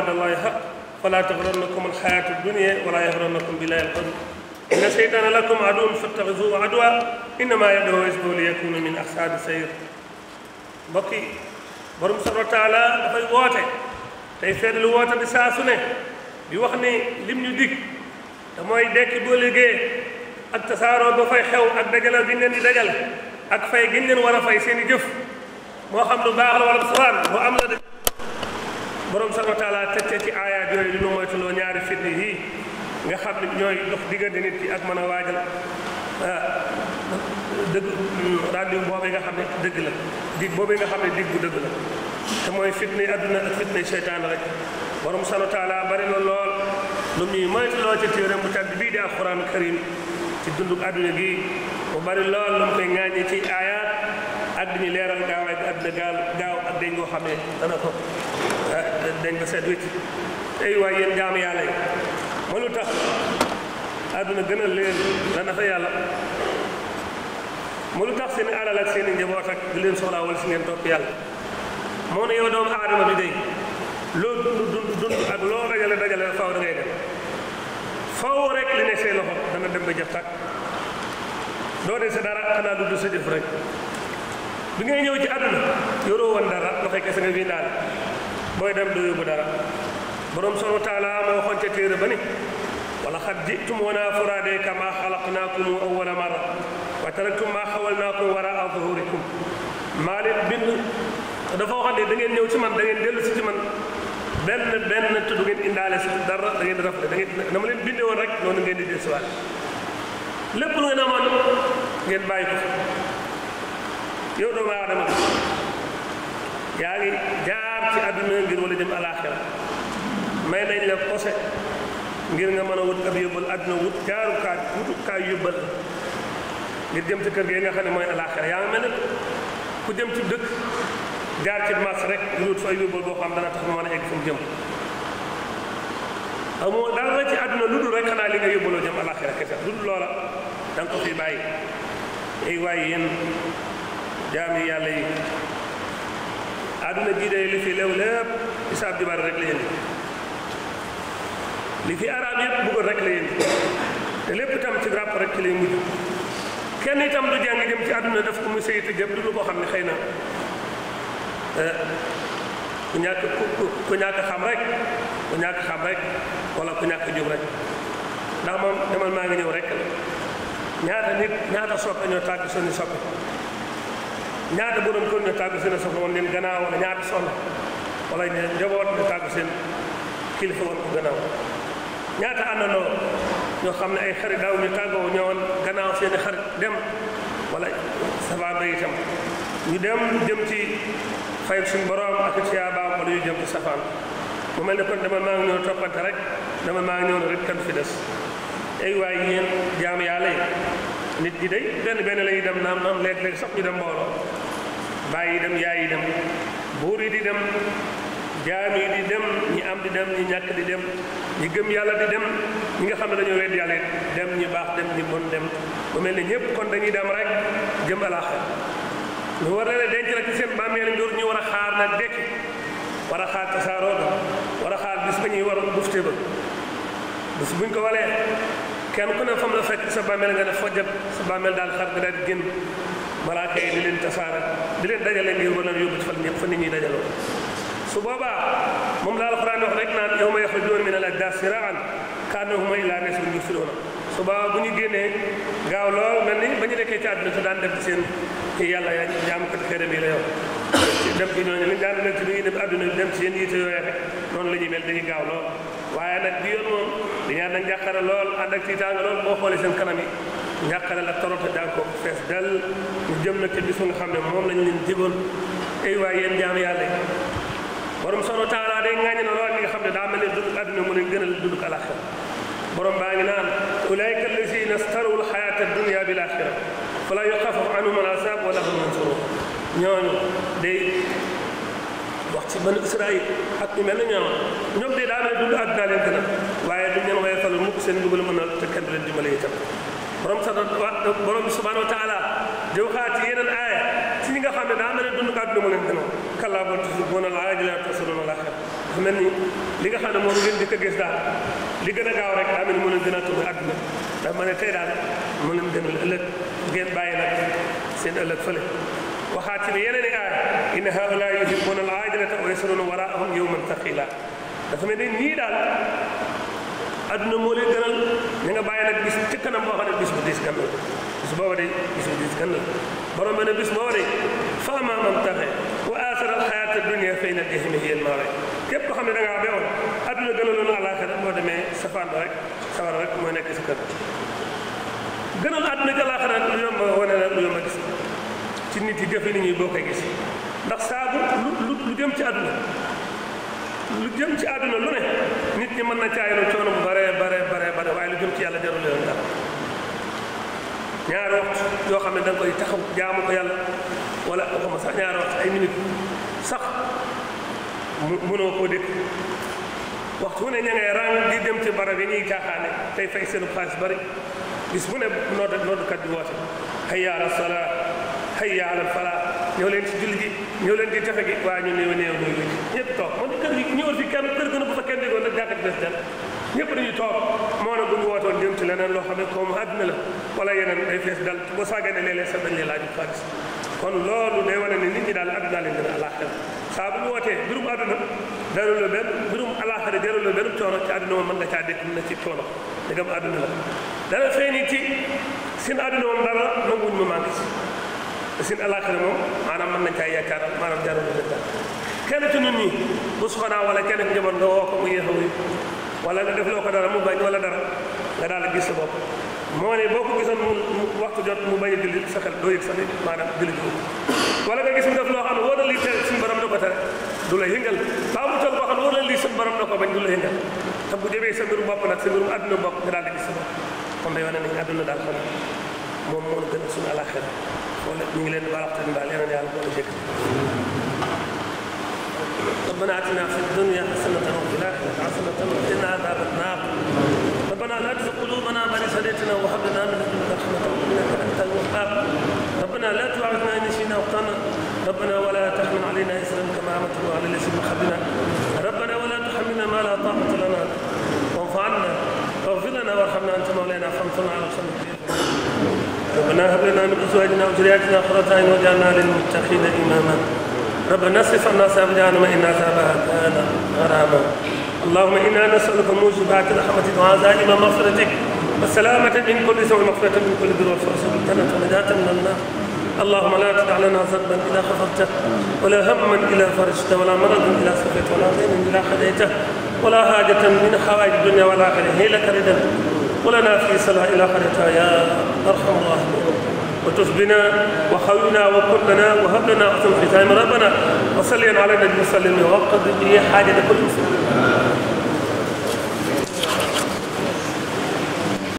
وعد الله حق فلا تغرنكم الحياة الدنيا ولا يغرنكم بالله الغرور إن شيطان لكم عدو فاتخذوه عدوا إنما يدعو حزبه ليكون من أصحاب السير mbokk yi borom subhaanahu wa taala dafay woote tey feetlu woote bi saa su ne di wax ni lim ñu dig te mooy dekki boo liggéey ak tasaaroo ba fay xew ak dajalal gi ñu leen di dajal ak fay gi ñu leen war a fay seen i jëf moo xam lu baax la wala bu sawaan lu am la de borom sax wa taala teg ci aayaat yooyu lu nu moytuloo ñaari fitna yii nga xam ne dox diggante nit ki ak mën a waajal ah, dëgg rendez-vous boobee nga xam ne dëgg la dig boobee nga xam ne dig bu dëgg la te mooy fitna yi àdduna ak fitna yi seytaan bari na lool lu ñuy moytuloo ci téere bu tàdd bii di alxuraan karim ci dundu àdduna gi mu bari lool lu mu koy ŋaañee ci aayaat ak di ñu leeral gaawaay bi àddina gaaw gaaw ak dañ koo xam ne dana ko ah, dañ ko seet ay waay yéen jaam yàlla yi lu tax àdduna gën a leen dana fa yàlla ma lu tax seen alal ak seen i njaboot ak di leen soxlaa wala ngeen topp yàlla moo ne yow doomu aadama bi day loo dund dajale dajale faw da ngay dem faw rek li ne say loxo dana dem ba jëf tàkk doo dee sa dara xanaa du du sa jëf rek bi ngay ñëw ci àdduna yoroo woon dara loxo kese nga bindaal booy dem du yóbbu dara boroom solo taala moo waxoon ca téere ba ni wala xat ji'tumuunaa furaadaa kamaa xalaqnaakum awwala marra wa taraktum maa xawalnaakum waraa zuhuurikum maa leen bind dafa waxoon ne da ngeen ñëw si man da ngeen dellu si ci man benn benn te du ngeen indaa si dara da ngeen di rafet da ngeen dama leen binde woon rek noonu ngeen di desiwaat lépp lu ngeen amoon ngeen bàyyi ko. yow doomu aadama yaa ngi jaar ci àdduna ngir wala jëm alaaxira may nañ la posé ngir nga mën a wut ab yóbbal àdduna wut jaaru kaa wutukaay ngir jëm ci kër gi nga xam ne mooy alaaxira yaa ngi mel ne ku jëm ci dëkk jaar ci marché rek ngir fa ay boo xam dana tax mu mën a fu mu jëm amoo ci àdduna lu dul rek xanaa li nga yóbbaloo jëm alaaxira kese lu dul loola da ko fi bàyyi ay jaami yàlla yi àdduna jii day li fi lew lépp isaab jubaar rek la indi li fi araab yëpp bëggoon rek la indi te lépp itam ci ràpp rek ci lay mujj kenn itam du jàng jëm ci àdduna daf ko muy saytu jëm du lu ko xam ne xëy na eh, ku ñàkk ku ñàkk xam rek ku ñàkk xam rek wala ku ñàkk jub rek ndax moom demal maa ngi ñëw rek la ñaata nit ñaata soppe ñoo tàgg soni soppe ñaata borom kër ñoo tàggu seen soxla woon leen gannaaw wala ñaata soxla wala ñu njaboot ñu ñoo xam ne ay xarit daaw ñu tàggoo ñëwoon gannaaw seen i xarit dem wala safaaba yi itam ñu dem jëm ci fay suñu borom ak ciyaabaam wala ñu jëm ci safaan mu mel ne kon dama maa ngi ñëw toppante rek nit ñi day benn benn la dem naam naam léeg-léeg sax dem mbooloo yi dem yaay yi dem buur yi di dem jaam di dem ñi am di dem ñi ñàkk di dem ñi gëm yàlla di dem ñi nga xam ne dañoo wedd yàlla dem ñi baax dem ñi bon dem mu mel ne ñëpp kon dañuy dem rek jëm alaaxira ñu war leen denc la ci seen bàmmeel njur ñu war a xaar nag dekki war a xaar tasaaroo ba war a xaar bis ba ñuy war bufte ba bis buñ ko walee kenn ku ne fam la fekk sa bàmmeel nga ne fojjat sa bàmmeel daal xar nga daal génn malaaka yi di leen tasaare di leen dajale ngir mën a yóbbu ci fan ñëpp fa nit ñi dajaloo su boobaa moom la alxuraan wax rek naan yawma yaxrujuuna min al ajdaasi siraan kaannahum ilaa naasin yusrauna su boobaa bu ñu génnee gaaw lool mel ni ba ñu nekkee ci àdduna si daan def ci seen yàlla yaa jaamkat xërëm yi la yow dem ci ñooñu liñ daan nekk ci ñuy dem àdduna bi dem ci seen la ñuy mel dañuy gaaw lool waaye nag bi yoon moom dañaa dañ jàqara lool ànd ak tiitaanga lool boo xoolee seen kanam yi njàqare la torote daan ko fees dal ñu jëm nag ci xam ne moom lañ leen digoon ay waay yéen jaam yàlla yi borom sono taalaa day ngaañi na lool li nga xam ne daa mel ne dunduk adduna mu ne gënal dunduk ngi naan ulaayka allazina staru lxayaata dunia bil axira fala yuxafaf mel na ñoom ñoom daa mel ne dund adduna leen gënal waaye duñ leen woyefal mukk seen dugal mën te kenn du leen borom sa borom bi subhanahu wa taala di waxaat ci yeneen aaya ci ñi nga xam ne daa mel ne dund ko àdduna moo leen la kallaa bal tuhibbuuna al mel ni li nga xam ne moom ngeen njëkk a gis daal li gën a gaaw rek daa mel ni moo leen gën a tudd àdduna ndax ma ne tey daal moo leen gënal ëllëg ngeen bàyyi nag seen ëllëg fële waxaat ci ne yeneen i aaya inna haa'ulaa'i yuhibbuuna al-aajilata wa yasluuna waraa'ahum yawman thaqiila dafa mel ni nii daal adduna moo leen gënal ña nga bàyyi nag bis ca kanam boo xam ne bis bu diis kan la bis booba de bis bu diis kan la borom booba de fa ama man taxe wa aasara alxayaata dunia fay na deximi ne da ngaa bewoon adduna gënal demee safaan ba rek moo nekk si kanam gënal adduna ci àllaaxira lu yomb wane gis ci nit yi jëfe nit ñi boo koy gis ndax saabu lu lu jëm ci àdduna lu jëm ci àdduna lu ne nit ñi mën na caayaloo coono bu bare bare bare bare waaye lu jëm ci yàlla jarul yoon dara ñaari waxtu yoo xam ne da koy taxaw jaamu ko yàlla wala waxuma sax ñaari ay minit sax mu mënoo koo dégg waxtu wu ne ña ngay di dem ci barab yi ñuy caaxaane tey fay seen xaalis bari bis bu ne nodd noddkat bi woote hayya ala salaa hayya ala falaa ñëw leen ci julli ji ñëw leen ci tefe gi waaye ñu néew néew néew ñëpp toog man kër gi ñëwal fi kenn kër gën a ak bés dal ñëpp toog moo ne bu ñu wootoon jëm ci leneen loo xam ne koomu àdduna la wala yeneen day fees dal boo sàgganee léeg-léeg sax dañ lay laaj xaalis kon loolu day wane ne nit ñi daal àdduna leen gën a àllaaxira saa bu ñu wootee mbirum àdduna jarul la benn mbirum àllaaxira jarul la benn coono ci àdduna moom mën nga caa dégg ci la dana feeñ ci seen àdduna moom dara nanguwuñ ma manqué si seen àllaaxira moom maanaam mën nañ caa yaakaar maanaam jarul la kenn ci nit ñi bu soxnaa wala kenn ku njaboot nga woo ko mu yéexa wuyu wala nga def loo ko dara mu bañ wala dara nga daal di gis sa bopp moo ne boo ko gisoon mu waxtu jot mu bañ sa xel doo yëg sax ni maanaam julli bi wala nga gis mu def loo xam ne wóor na lii teel suñu borom da ko tere du la yëngal baa ne wóor na lii suñu borom da ko bu jëmee sa mbirum bopp nag sa mbirum àdduna bopp nga daal di sa bopp kon day wane nañ àdduna daal xam moom moo gën a suñu àlaxira ngi leen di baal waxtaan daal yeneen yàlla boole jëkk ربنا اتنا في الدنيا حسنه وفي الاخره حسنه وقنا عذاب النار ربنا لا تزغ قلوبنا بعد اذ هديتنا وهب لنا من لدنك رحمه انك انت الوهاب ربنا لا تؤاخذنا ان نسينا واخطانا ربنا ولا تحمل علينا اسرا كما حملته على الذين من قبلنا ربنا ولا تحملنا ما لا طاقه لنا واعف عنا واغفر لنا وارحمنا انت مولانا فانصرنا على القوم ربنا هب لنا من ازواجنا وذرياتنا قرة اعين واجعلنا للمتقين اماما ربنا اصرف عنا عذاب جهنم إن عذابها كان غراما اللهم إنا نسألك موجبات رحمتك وعزائم مغفرتك والسلامة من كل سوء مغفرة من كل بر والفرس من جنة ونجاة من النار اللهم لا تدع لنا ذنبا إلا غفرته ولا هما إلا فرجته ولا مرضا إلا سقيته ولا دينا إلا خديته ولا حاجة من حوائج الدنيا والآخرة هي لك ردا ولنا في صلاة إلى خيرتها يا أرحم الراحمين وتسبنا وخونا وكلنا وهب لنا حسن ختام ربنا وصلي على النبي وسلم وقد به حاجه كل مسلم